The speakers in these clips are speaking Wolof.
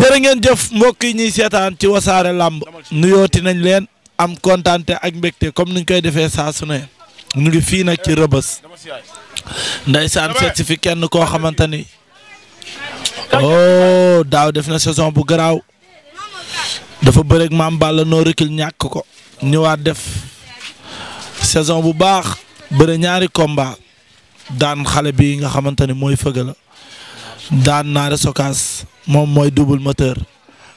jërë ngeen jëf mbokk yi ñuy seetaan ci wasaare làmb nuyooti nañ leen am kontaante ak mbégte comme nuñ koy defee saa su ne ñu fii nag ci rëbës ndaysaan seet si fi kenn koo xamante ni oh daaw def saison bu garaaw dafa bëreeg maam Balla noo rëkkil ñàkk ko ñëwaat def saison bu baax bëre ñaari combat daan xale bii nga xamante ni mooy fëgg la daan naare sokaas moom mooy double moteur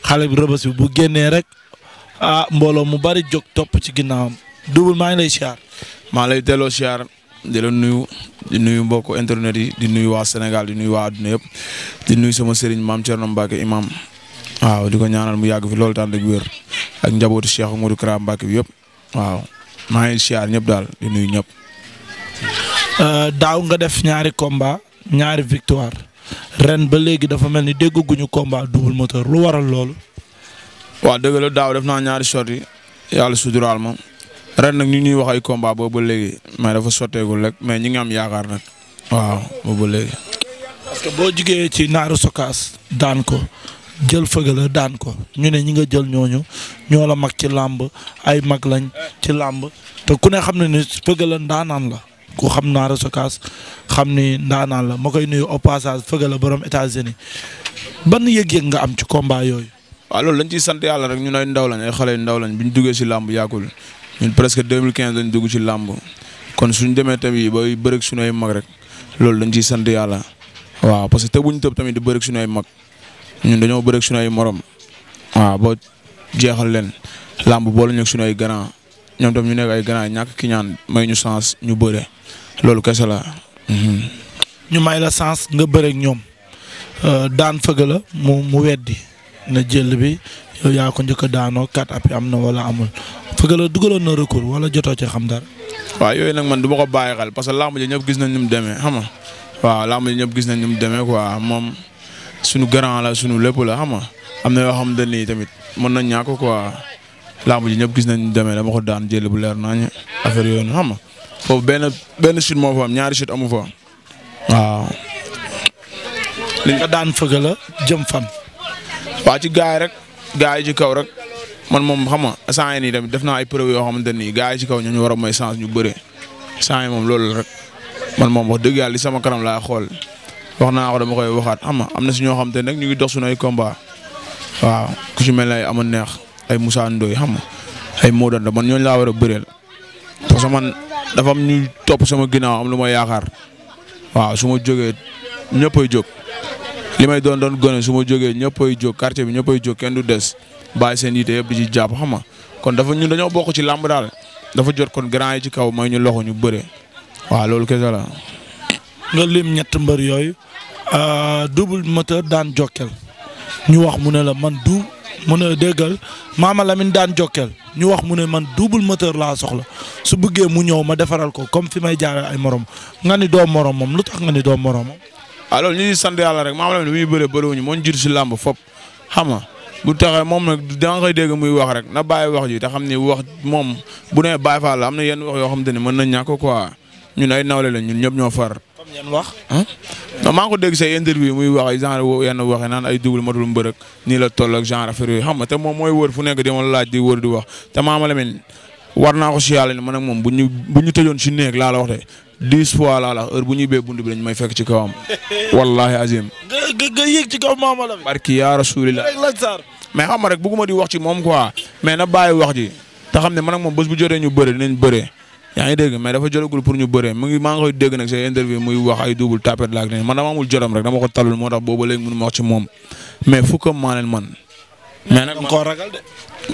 xale bi rëbës bu génnee rek ah mbooloo mu bari jóg topp ci ginnaawam double maa ngi lay siyaar. maa lay delloo siyaar di nuyu di nuyu mbokku internet yi di nuyu waa Sénégal di nuyu waa adduna yëpp di nuyu sama sëriñ maam Thierno Mbacke imam waaw di ko ñaanal mu yàgg fi loolu daan ak wér ak njabootu Cheikh Modou Kara Mbacke bi yëpp waaw maa ngi siyaar ñëpp daal di nuyu ñëpp. Euh, daaw nga def ñaari komba ñaari victoire. ren ba léegi dafa mel ni dégguñu komba double moteur lu waral loolu. waaw dëgg daaw def naa ñaari shot yi yàlla suturaal ma ren nag ñu ñuy wax ay combat boobu léegi mais dafa sotteegul rek mais ñi ngi am yaakaar nag waaw boobu ba léegi. parce que boo jugee ci naaru sokaas daan ko jël fëgala daan ko ñu ne ñi nga jël ñooñu ñoo la mag ci làmb ay mag lañ ci làmb te ku ne xam ne ne fëgala ndaanaan la ku xam Narou Sogas xam ni la ma koy nuyu au passage fëga la borom États-Unis ban nga am ci yooyu. waaw loolu ciy sant yàlla rek ñun ay ndaw lañ ay xale yu ndaw bi ñu duggee si làmb yàggul ñun presque 2015 lañ dugg kon suñ demee tamit bay bëreeg suñu ay mag rek loolu dañ ciy sant yàlla waaw parce que te buñ tëb tamit di bëreeg suñu ay mag ñun dañoo bëreeg suñu ay morom waaw ba jeexal leen làmb boole ñu ak suñu ay grand ñoom tam ñu nekk ay grand ñàkk ki ñaan may ñu chance ñu bëre. loolu kese la. Mhm. ñu may la sens nga bëreeg ñoom euh, daan fëgg la mu mu weddi na jël bi yow yaa ko njëkk a daanoo quatre appuis am na wala amul fëgg la dugaloon na recours wala jotoo ci xam dara. waaw yooyu nag man du ma ko bàyyi parce que làmb ji ñëpp gis nañ ni mu demee xam nga waaw làmb ji ñëpp gis nañ ni mu demee quoi moom suñu grand la suñu lépp la xam am na yoo xam ne nii tamit mën nañ ñàkk quoi làmb ji ñëpp gis nañ ni demee dama ko daan jël bu leer naa ñu affaire yooyu xam nga foofu benn benn chute fa ñaari chute amu fa waaw. li nga daan fëgg la jëm fan. waa ci gaay rek gaay ci kaw rek man moom xam nga instant yii nii tamit def naa ay preuve yoo xamante nii gaay ci kaw ñoo ñu war a may chance ñu bëre instant yii moom loolu rek man moom wax dëgg yàlla li sama kanam laa xool wax naa ko dama koy waxaat xam nga am na si ñoo xamante ne rek ñu ngi dox suñu ay waaw ku ci mel ne ay ama neex ay musaan dooy xam nga ay Modou Anta man ñooñu laa war a bëreel parce man dafa am ñu topp sama ginaaw am lu ma yaakaar waaw su ma jógee ñëppay jóg li may doon doon gone su ma jógee ñëppay jóg quartier bi ñëppay jóg kenn du des bàyyi seen yitte yëpp di ci jàpp xam kon dafa ñun dañoo bokk ci làmb daal dafa jot kon grand yi ci kaw may ñu loxo ñu bëre waaw loolu kese la. nga lim ñett mbër yooyu ah, double moteur daan jokkel ñu wax mu ne la man du mu ne maam maama Lamine daan jokkeel ñu wax mu ne man double moteur la soxla su bëggee mu ñëw ma defaral ko comme fi may jaaree ay morom nga doom morom moom lu tax nga ni doom moromam. waaw ah, loolu ñu ngi sant yàlla rek maama Lamine bi muy bëree bëriwuñu moo ñu jiitu si làmb fop xam nga bu taxee moom nag danga koy dégg muy wax rek na baay wax ji te xam ni wax moom bu nee bàyyi faa la am na yenn wax yoo xam te ne mën na ñàkk quoi ñun ay nawle la ñun ñëpp ñoo far. comme non maa ngi ko dégg say interview muy wax ay genre yenn waxe naan ay double matul mbërëk nii la toll ak genre affaire yooyu xam nga te moom mooy wër fu nekk di ma laaj di wër di wax te Mama Lamine war naa ni man ak moom bu ñu si néeg laa la wax de dix fois laa bee bunt bi dañ may fekk ci wallahi azim. barki yaa rasulillah mais xam nga rek bëgguma di wax moom quoi mais na bàyyi wax te xam ne man ak moom bés ñu bëre dinañ bëre yaa ngi dégg mais dafa jotagul pour ñu bëree mu ngi maa ngi koy dégg nag say interview muy wax ay double tapette laak ne man dama amul jotam rek dama ko talul moo tax booba léegi ma mais fukkam man ragal de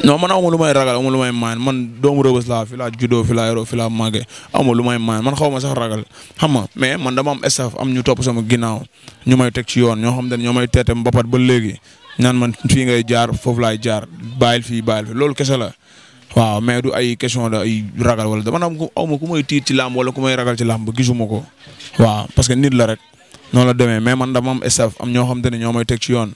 non man amul lu may ragal amul lu man doomu rëbës laa fi laa fi laa yoroo fi laa màggee amul lu may maan man xaw ma sax ragal xam nga mais man dama am staff am ñu topp sama ginnaaw ñu may teg ci yoon ñoo xam ne ñoo may teete mbapat ba léegi ñaan man fii ngay jaar foofu laay jaar bàyyil fii bàyyil fi loolu kese la waaw mais du ay question da ay ragal wala dama nam aw ma ku may tiit ci làmb wala ku may ragal ci làmb gisuma ko waaw parce que nit la rek noonu la demee mais man dama am am ñoo xam te ne ñoo may teg ci yoon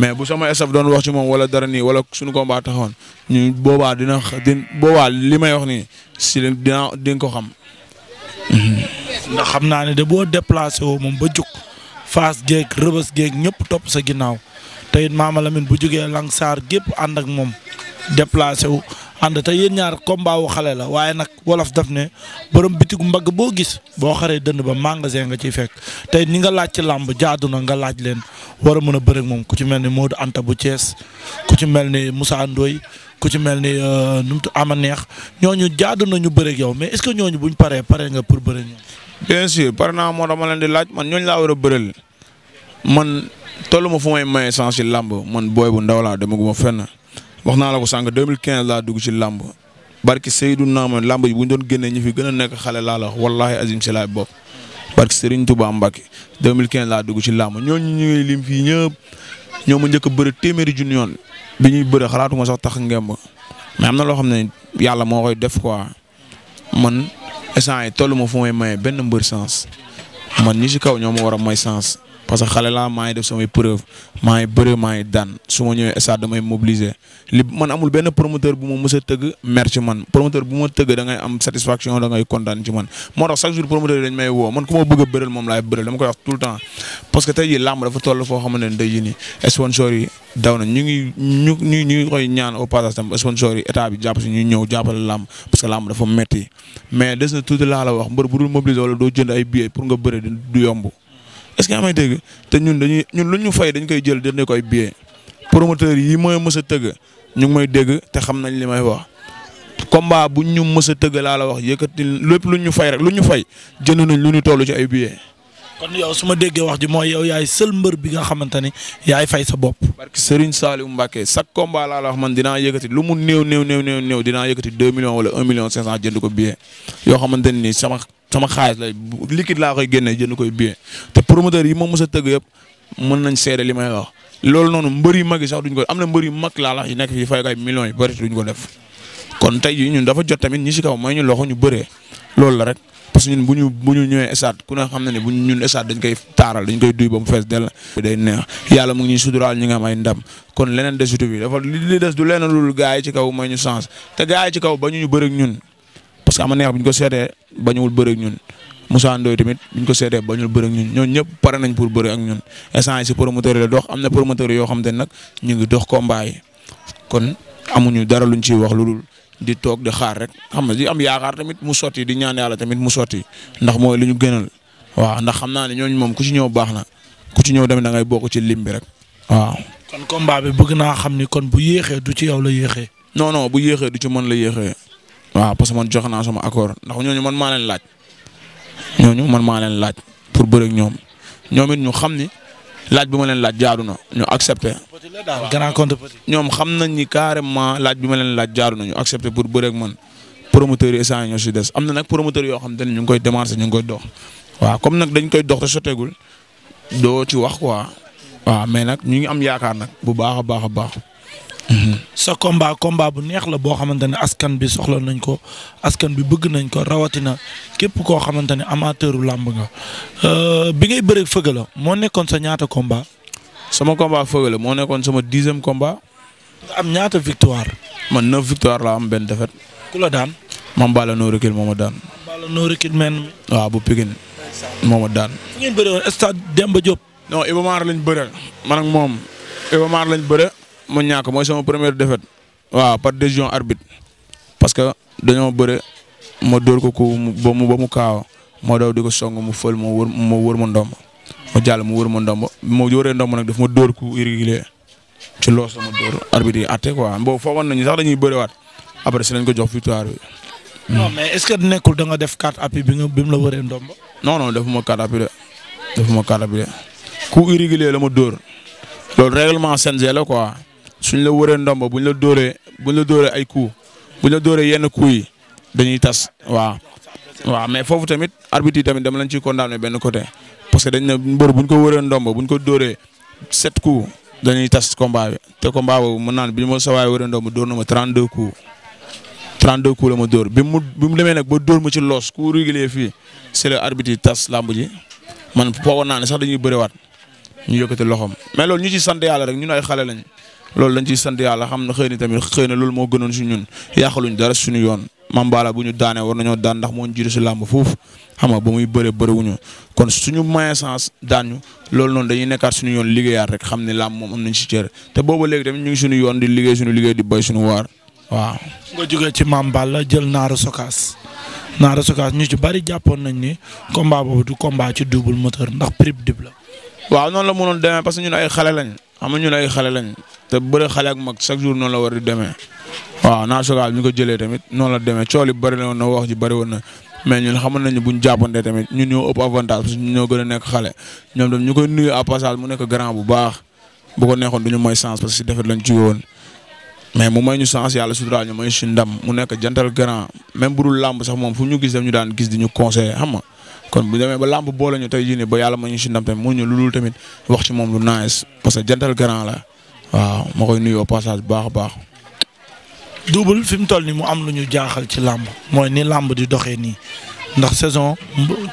mais bu sama staff doon wax ci moom wala dara nii wala suñu combat taxoon ñu boobaa dina din boobaa li may wax nii si dina di ko xam. Mm-hmm. xam naa ne de boo déplacé woo moom ba jug Fass geeg Rëbës geeg ñëpp topp sa ginnaaw te it Maama Lamine bu jugee Langsar gépp ànd ak moom déplacé wu. ànd te yéen ñaar combat wu xale la waaye nag wolof daf ne borom bitigu mbagg boo gis boo xaree dënn ba magasin nga ciy fekk tey ni nga laaj ci làmb jaadu na nga laaj leen wara mën a bëre moom ku ci mel ni Modou Anta bu Thiès ku ci mel ni Moussa Ndoye ku ci mel ni euh, nu mu ama neex ñooñu jaadu na ñu bëre ak yow mais est que ñooñu buñ paree pare nga pour bëre ñoom. bien sûr pare naa moo dama leen di laaj man ñooñu laa war a bëreel man tollu ma fu may maye sens ci làmb man booy bu ndaw laa demaguma fenn. wax naa la ko sànq 2015 laa dugg ci làmb barki Seydou Naama làmb yi bu ñu doon génnee ñu fi gën a nekk xale laa la wax wallaahi azim si laay bopp barki Serigne Touba mille 2015 laa dugg ci lamb ñooñu ñu ngi lim fii ñëpp ñoo ma njëkk a bëre téeméeri junni yoon bi ñuy bëre xalaatuma sax tax ngemb mais am na loo xam ne yàlla moo koy def quoi man essence yi tollu ma fu may maye benn mbër sens man ñi ci kaw ñoo ma war a may sens parce que xale laa maa ngi def samay preuve maa ngi bëre daan su ma ñëwee stade damay mobiliser man amul benn promoteur bu ma mës a tëgg mer ci man promoteur bu ma tëgg da ngay am satisfaction da ngay ci man moo tax chaque jour promoteur yi dañ may woo man ku ma a bëral moom laay bëral dama koy wax tout le temps parce que tey jii làmb dafa toll foo xamante ne tey nii sponsor yi daw na ñu ngi ñu ñu ñu ngi koy ñaan au passage tam sponsor yi état bi jàpp ñu ñëw jàppale làmb parce que làmb dafa metti mais des na tuuti la doo jënd ay billets pour nga bëre du est-ce que yaa may dégg te ñun dañuy ñun lu ñu fay dañ koy jël dañ koy billet promoteur yi mooy mës tëgg ñu mooy dégg te xam nañ li may wax combat bu ñu mës tëgg laa la wax yëkkati lépp lu ñu fay rek lu ñu fay jënd nañ lu ñu toll ci ay billets. kon yow su ma déggee wax ji mooy yow yaay sël mbër bi nga xamante ni yaay fay sa bopp. barke Serigne Saliou Mbacke chaque combat laa la wax man dinaa yëkkati lu mu néew néew néew néew néew yëkkati million ko billet yoo te promoteur yi ma mës tëgg yëpp mën nañ seede li may noonu mbër mag yi sax duñ ko am na mbër yu mag laa la yu nekk fi fay ko ay millions yu duñ ko def kon tey jii ñun dafa jot tamit ñi si kaw mooy ñu loxo bëree loolu la rek parce que ñun bu ñu bu ñu ñëwee estade ku ne xam na ne bu ñun estade dañ koy taaral dañ koy duy ba mu fees dell day neex yàlla mu ngi ñuy suturaal ñu nga am ay ndam kon leneen desitu bi dafa li des du leneen loolu gars yi ñu chance te gars yi kaw ba ñu ñu bëreeg ñun parce que ama neex bu ñu ko seetee ba ñuwul bëreeg ñun Moussa tamit bu ko seetee ba ñuwul bëreeg ñun ñoom ñëpp pare nañ pour bëre ak ñun instant yi si promoteur yi la dox am yoo xam nag ñu ngi dox combat yi kon amuñu dara luñ ci wax lu dul di toog di xaar rek xam nga di am yaakaar tamit mu sotti di ñaan yàlla tamit mu sotti ndax mooy li ñu gënal waaw ndax xam naa ne ñooñu moom ku ci ñëw baax na ku ci ñëw tamit da ngay bokk ci lim bi rek waaw. kon combat bi bëgg naa xam ni kon bu yéexee du ci yow la yéexee. non non bu yéexee du ci mën la yéexee. waaw parce que man jox naa sama accord ndax ñooñu man maa leen laaj ñooñu man maa leen laaj pour bëre ak ñoom ñoom it ñu xam ni laaj bi ma leen laaj jaadu na ñu a petit la daal grand ñoom xam nañ ni carrément laaj bi ma leen laaj jaaru nañu accepté pour bëre ak man promoteurs yi instant am na nag promoteurs yoo xam te ne ñu ngi koy démarché ñu ngi koy dox waaw comme nag dañ koy dox te sotteegul doo ci wax quoi waaw mais nag ñu ngi am yaakaar nag bu baax a baax a baax. Mhm. sa combat combat bu neex la boo xamante ne askan bi soxla nañ ko askan bi bëgg nañ ko rawatina képp koo xamante ne amateuru làmb nga euh, bi ngay bëreeg fëgg moo nekkoon sa ñaata combat. sama combat Feugeuleu moo nekkoon sama dixième combat. nga am ñaata victoire. man neuf victoire la am benn défaite. ma la daan. Mame Balla no recul moo ma daan. Mame Balla no recul moo ma daan. fu ngeen bëree woon stade Demba Diop. non Iba Mar lañ bëre. man ak moom Iba lañ bëre mu ñàkk mooy sama première défaite. waaw par décision arbitre. parce que dañoo bëre ma dóor ko ku ba mu ba mu kaaw ma daw di ko song mu fël ma wër ma wër ma jàll mu wër ma ndomb ma wëree ndomb nag daf ma dóor ku irrégulier ci loos la ma dóor arbitre yi àtte quoi boobu foogoon nañu sax dañuy bëriwaat après si lañ ko jox victoire bi. non mais est-ce que nekkul da def carte appui bi nga bi mu la wëree ndomb. non non defuma carte appui de defuma carte appui de ku irrégulier la ma door loolu règlement CNG la quoi suñ la wëree ndomb buñ la dóoree buñ la dóoree ay coups buñ la dóoree yenn coups yi dañuy tas waaw. wa mais foofu tamit arbitre yi tamit dama lañ ciy condamné benn côté. parce que dañ ne mbër buñ ko wëree ndomb buñ ko dóoree sept dañuy tas combat te combat boobu mën naan bi ma sa waay wëree ndomb dóor na ma 32 coups 32 coups la ma door bi mu mu demee nag ba dóor ma ci loos ku régulier fii c'est le arbitre yi tas làmb ji man foogoon naa ne sax dañuy bëriwaat ñu yëkkati loxoom mais loolu ñu ci sant yàlla rek ñun ay xale lañ loolu lañ ciy sant yàlla xam na xëy ni tamit xëy na loolu moo gënoon si ñun yàqaluñ dara suñu yoon Mame bu ñu daanee war nañoo daan ndax moo ñu jiitu si làmb foofu xam nga ba muy bëre bëriwuñu kon suñu moyen sens daan ñu loolu noonu dañuy nekkaat suñu yoon liggéeyaat rek xam ne làmb moom am nañ si cër te booba léegi tamit ñu ngi suñu yoon di liggéey suñu liggéey di béy suñu waar waaw. nga jógee ci Mame Balla jël Naaru Sokaas Naaru Sokaas ñu ci bari jàppoon nañ ni combat boobu du combat ci double moteur ndax prip dib la waaw noonu la mënoon demee parce que ñun ay xale lañ xam nga ñun ay xale lañ te bëre xale ak mag chaque jour noonu la war di demee waaw national bi ñu ko jëlee tamit noonu la demee cool yi bëri woon na wax ji bëri woon na mais ñun xamal nañu bu ñu jàppante tamit ñun ñoo ëpp avantage parce que ñu koy nuyu à passage mu nekk grand bu baax bu ko du ñu may chance parce que si defet lañ jóge woon mais mu may ñu chance yàlla suturaal ñu may suñu ndam mu nekk jantal grand même bu dul làmb sax moom fu ñu gis ñu daan gis di ñu conseillé xam kon bu demee ba làmb boole ñu tey jii ba yàlla ma ñu si ndam tamit mu ñu lulul tamit wax ci moom lu nice parce que jantal grand la waaw ma koy nuyoo passage bu baax a baax. Double fi mu toll nii mu am lu ñu jaaxal ci làmb mooy ni làmb di doxee nii ndax saison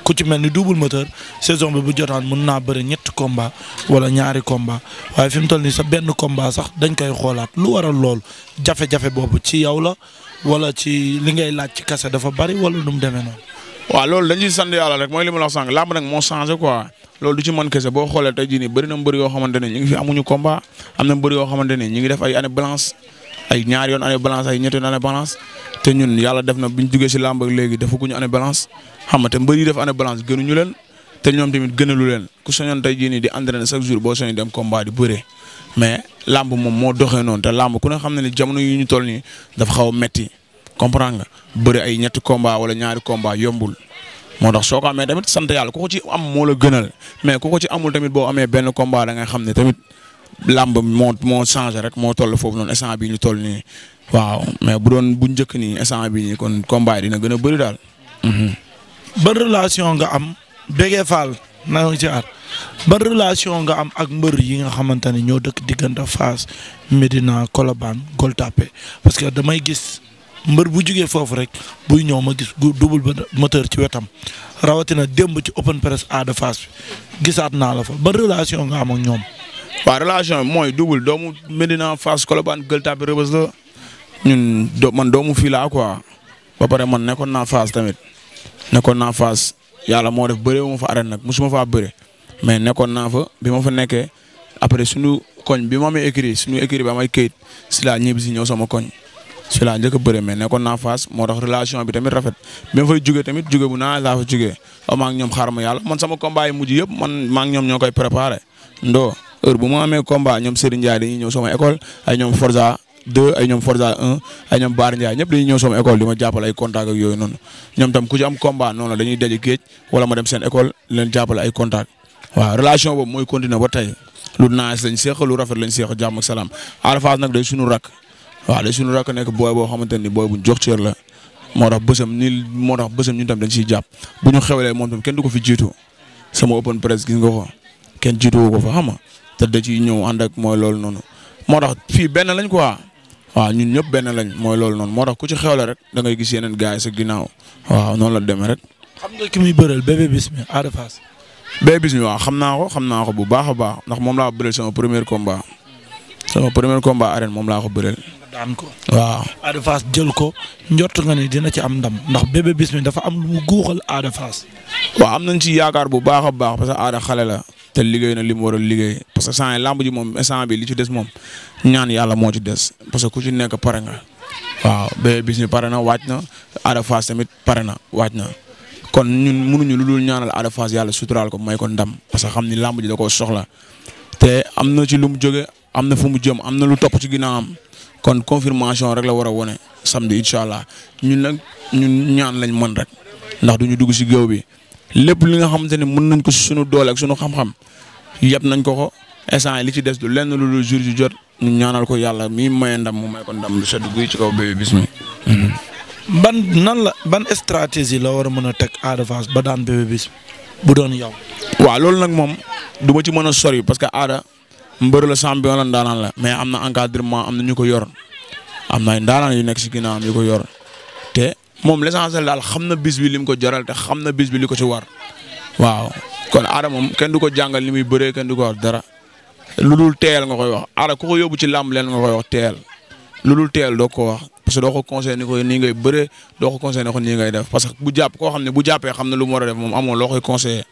ku ci mel ni Double Moteur saison bi bu jotaan mun naa bëri ñett combat wala ñaari combat waaye fi toll nii sa benn combat sax dañ koy xoolaat lu waral lool jafe-jafe boobu ci yow la wala ci li ngay laaj ci kase dafa bari wala nu mu demee noonu. waaw loolu dañuy sant yàlla rek mooy li ma la wax sànq làmb nag moo changé quoi loolu du ci mën kese boo xoolee tey jii nii bëri na mbër yoo xamante ne ñu ngi fi amuñu combat am na mbër yoo xamante ne ñu ngi def ay année balance ay ñaari yoon année balance ay ñetti yoon année balance te ñun yàlla def na bu ñu jugee si làmb ak léegi defaguñu année balance xam nga te mbër yi def année balance gënuñu leen te ñoom tamit gënalu leen ku soñoon tey jii nii di entraîné chaque jour boo soñoon dem combat di bëre mais làmb moom moo doxee noonu te làmb ku ne xam ne ni jamono yi ñu toll nii dafa xaw a metti comprendre nga bëri ay ñetti combat wala ñaari combat yombul moo tax soo ko tamit sant yàlla ko ci am moo la gënal mais ku ko ci amul tamit boo amee benn combat da nga xam ne tamit làmb moo moo rek moo toll foofu noonu instant bii ñu toll nii waaw mais bu doon bu njëkk ni instant bi nii kon combat yi dina gën a bëri daal. Mhm. ban relation nga am Bégé Fall na nga ci aar ban relation nga am ak mbër yi nga xamante ne ñoo dëkk diggante Fass Medina Colobane Gueule Tapée mbër bu jugee foofu rek buy ñëw ma gis double moteur ci wetam rawatina démb ci open press à de face bi gisaat naa la fa ba relation nga am ñoom. waaw relation mooy double doomu Medina Fass Colobane Gueule Tapée Rebeuss la ñun do man doomu fii laa quoi ba pare man nekkoon naa Fass tamit nekkoon naa Fass yàlla moo def bëree wu fa arène nag suma faa bëre mais nekkoon naa fa bi ma fa nekkee après suñu koñ bi ma amee écrit suñu écrit ba may këyit si laa ñibbi si ñëw sama koñ. si la njëkk a bëre mais nekkoon naa Fass moo tax relation bi tamit rafet bi ma fay jugee tamit jugee bu naa laa fa jugee aw maa ngi ñoom xaaral ma yàlla man sama combat yi mujj ñoo koy préparé ndoo bu ma amee combat ñoom Serigne Ndiaye dañuy ñëw sama école ay ñoom Forza 2 ay ñoom Forza 1 ay ñoom Baar dañuy ñëw sama école di ma jàppale ay contact yooyu noonu ñoom tam ku ci am combat noonu la dañuy daje géej wala ma dem seen école leen jàppale ay contact waaw relation boobu mooy continuer ba tey lu naaj lañ seex lu rafet lañ seex jàmm ak salaam Ada Fass nag day sunu rak waaw de suñu rakk nekk booy boo xamante ni booy buñ jox cër la moo tax bësam ni moo tax bësam ñun tam dañ siy jàpp bu ñu xewlee moom tam kenn du ko fi jiitu sama open press gis nga ko kenn jiituwu ko fa xam nga te da ciy ñëw ànd ak mooy loolu noonu moo tax fii benn lañ quoi waaw ñun ñëpp benn lañ mooy loolu noonu moo tax ku ci xewle rek dangay gis yeneen gars yi ginnaaw waaw noonu la demee rek. xam nga ki muy bëreel Bébé Bismi Ada Fass. Bébé Bismi waaw xam naa ko xam naa ko bu baax a baax ndax moom laa bëreel sama premier combat sama premier combat arène moom laa ko bëreel. daan ko. Ada Fass jël ko njort nga ni dina ci am ndam ndax bébé Bismi dafa am lu mu guuxal Ada Fass. waaw am nañ ci yaakaar bu baax a baax parce que Ada xale la. te liggéey na li mu war a liggéey parce que saa lamb ji moom instant bi li ci des moom ñaan yàlla moo ci des parce que ku ci nekk pare nga. waaw bébé Bismi pare na waaj na Ada Fass tamit pare na waaj na. kon ñun mënuñu lu dul ñaanal Ada Fass yàlla sutural ko may ko ndam parce que xam ni lamb ji da koo soxla am na fu mu jëm am na lu topp ci ginnaawam kon confirmation rek la war a wone samedi incha allah ñun nag ñun ñaan lañ mën rek ndax du ñu dugg si géew bi lépp li nga xamante ne mun nañ ko si suñu doole ak suñu xam-xam yëpp nañ ko ko instant li ci des du lenn lu lu jur ju jot ñu ñaanal ko yàlla mi may ndam mu may ko ndam lu sedd guy ci kaw bébé bismi mhm. ban nan la ban stratégie la war a mën a teg Ada Fass ba daan bébé bismi bu doon yow. waaw loolu nag moom du ci mën a sori mbër la champion la ndaanaan la mais am na encadrement am na ñu ko yor am na ay yu nekk si am yu ko yor te moom l'essentiel daal xam na bis bi mu ko jaral te xam na bis bi li ko ci war waaw kon aada moom ken du ko jàngal li mu bëree ken du ko war dara lu dul teel nga koy wax aada ku ko yóbbu ci làmb leen nga koy wax teel lu dul teel doo ko wax parce que doo ko conseillé ni ko nii ngay bëree xam ne bu jàppee xam na lu mu war def moom amoo loo koy conseillé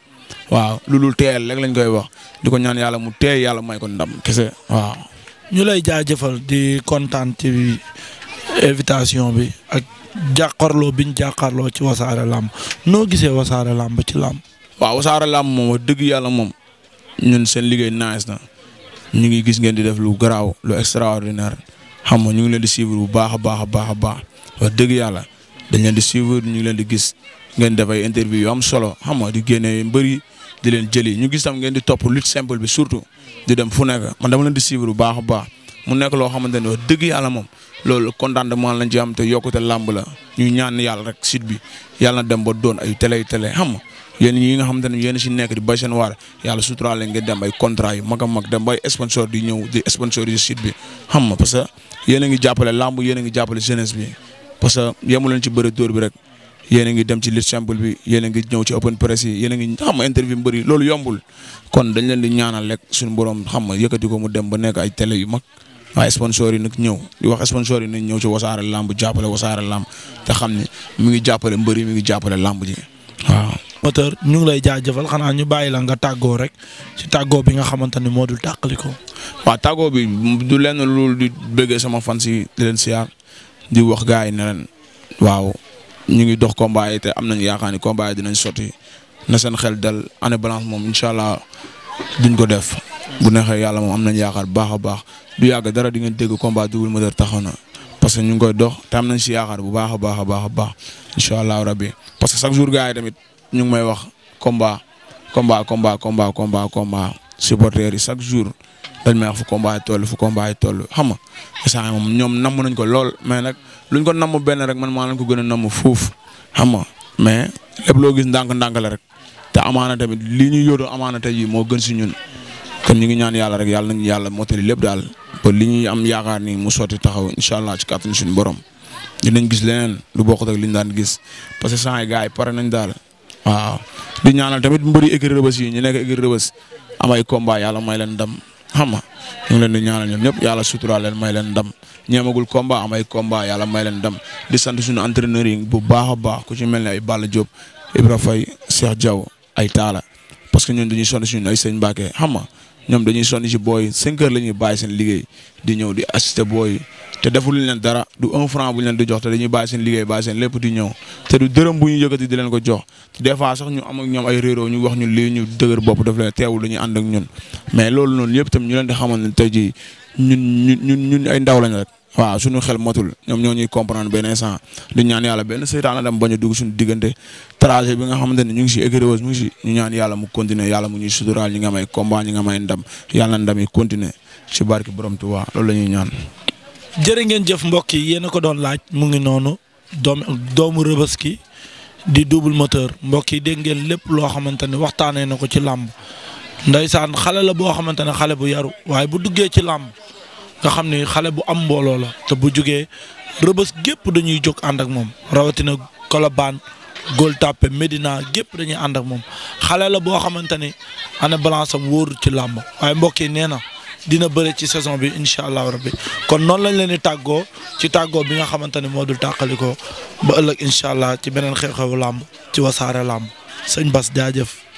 waaw lu dul teel rek lañ koy wax di ko ñaan yàlla mu teey yàlla may ko ndam kese waaw. ñu lay jaajëfal di kontaan ci invitation bi ak bi biñ jàkkaarloo ci wasaare làmb noo gisee wasaare làmb ci làmb. waaw wasaare làmb moom dëgg yàlla moom ñun seen liggéey nice na ñu ngi gis ngeen di def lu garaaw lu extraordinaire xam nga ñu ngi leen di suivre bu baax a baax a baax a baax dëgg yàlla dañ leen di suivre ñu ngi leen di gis ngeen def ay interview yu am solo xam nga di génne mbëri di leen jëli ñu gis tam ngeen di topp lutte simple bi surtout di dem fu nekk man dama leen di suivre bu baax a baax mu nekk loo xamante ne wax dëgg yàlla moom loolu contentement lañ ci am te yokkute làmb la ñu ñaan yàlla rek site bi yàlla dem ba doon ay télé télé xam nga yéen ñi nga xamante ne yéen si nekk di bay seen waar yàlla suturaale ngeen dem ay contrat yu mag a mag dem bay sponsor di ñëw di sponsoriser site bi xam nga parce que yéen a ngi jàppale làmb yéen a ngi jàppale jeunesse bi parce yemu leen ci bëri dóor bi rek yéen a ngi dem ci lutte simple bi yéen a ngi ñëw ci open press yéen a ngi xam interview mu bëri loolu yombul kon dañ leen di ñaanal rek suñu borom xam ma yëkkati ko mu dem ba nekk ay télé yu mag waaye sponsor yi nag ñëw di wax sponsor yi nañ ñëw ci wasaare lamb jàppale wasaare lamb te xam ni mu ngi jàppale mbëri mi ngi jàppale lamb ji waaw. moteur ñu ngi lay jafal xanaa ñu bàyyi la nga tàggoo rek ci tàggoo bi nga xamante ne moo dul tàqaliko. waa tàggoo bi du lenn loolu di bëggee sama fan si di leen siyaar di wax gars yi ne ñu ngi dox combat yi am nañ yaakaar ni combat yi dinañ sotti na seen xel dal année balance moom incha allah duñ ko def. bu neexee yàlla moom am nañ bu baax a baax du yàgg dara di ngeen dégg combat Double Moteur taxaw na parce que ñu ngi koy dox te am nañ si yaakaar bu baax a baax a baax a baax incha allah rabbi parce que chaque jour gars yi tamit ñu ngi may wax combat combat combat combat combat combat supporters yi chaque jour. dañ may wax fu combat yi toll fu combat yi toll xam nga moom ñoom namm nañ ko lool mais nag luñ ko namm benn rek man maa leen ko gën a namm fuuf xam nga mais lépp loo gis ndànk-ndànk la rek te amaana tamit lii ñu yóodoo amaana tey jii moo gën si ñun kon ñu ngi ñaan yàlla rek yàlla nañu yàlla motali lépp daal ba li ñuy am yaakaar ni mu sotti taxaw incha allah ci kàttan suñu borom nañ gis leneen lu bokkut ak li ñu daan gis parce que saa yi gars yi pare nañ daal waaw di ñaanal tamit mbëri écurie Rebeuss ñu nekk écurie Rebeuss yàlla may leen ndam xam nga ñu ngi leen di ñaanal ñoom ñëpp yàlla suturaal leen may leen ndam ñeemagul combat amay combat yàlla may leen ndam di sant suñu entraîneurs yi bu baax a baax ku ci mel ni ay Balla Diop Ibra Faye Cheikh Diaw ay Talla parce que ñun dañuy sonn suñu ay sëñ Mbacke xam nga ñoom dañuy sonn si booy cinq heures la ñuy bàyyi seen liggéey di ñëw di assister booy te defuluñ leen dara du un franc bu ñu leen di jox te dañuy bàyyi seen liggéey bàyyi seen lépp di ñëw te du dërëm bu ñu yëkkati di leen ko jox des fois sax ñu am ak ñoom ay réeróo ñu wax ñu lii ñu dëgër bopp def leen teewul dañuy ànd ak ñun mais loolu noonu yëpp tam ñu leen di xamal ne tey jii ñun ñun ñun ay ndaw lañ rek waaw suñu xel matul ñoom ñoo ñuy comprendre benn instant ñaan yàlla benn seytaan la dem bañ a dugg suñu diggante trajet xamante ne ñu ngi si écréose mu ngi si ñu ñaan yàlla mu continuer yàlla mu ñuy suturaal ñi nga may combat ñi nga may ndam yàlla ndam yi si barki borom Tuubaa loolu la ñuy ñaan jërë ngeen jëf mbokk yi yéen a ko doon laaj mu ngi noonu doom doomu rëbës ki di double moteur mbokk yi dégg ngeen lépp loo xamante ne waxtaanee na ko ci làmb ndeysaan xale la boo xamante ne xale bu yaru waaye bu duggee ci làmb nga xam ni xale bu am mbooloo la te bu jógee rëbës gépp dañuy jóg ànd ak moom rawatina Colobane góor Tapée Médina gépp dañuy ànd ak moom xale la boo xamante ni ana balance am wóor ci làmb waaye mbokk yi nee na. dina bëre ci saison bi incha allahu rabbi kon noonu lañ leen di tàggoo ci tàggoo bi nga xamante ne moo dul tàqalikoo ba ëllëg incha allah ci beneen xew-xewu làmb ci wasaare làmb sëñ Bas jaajëf.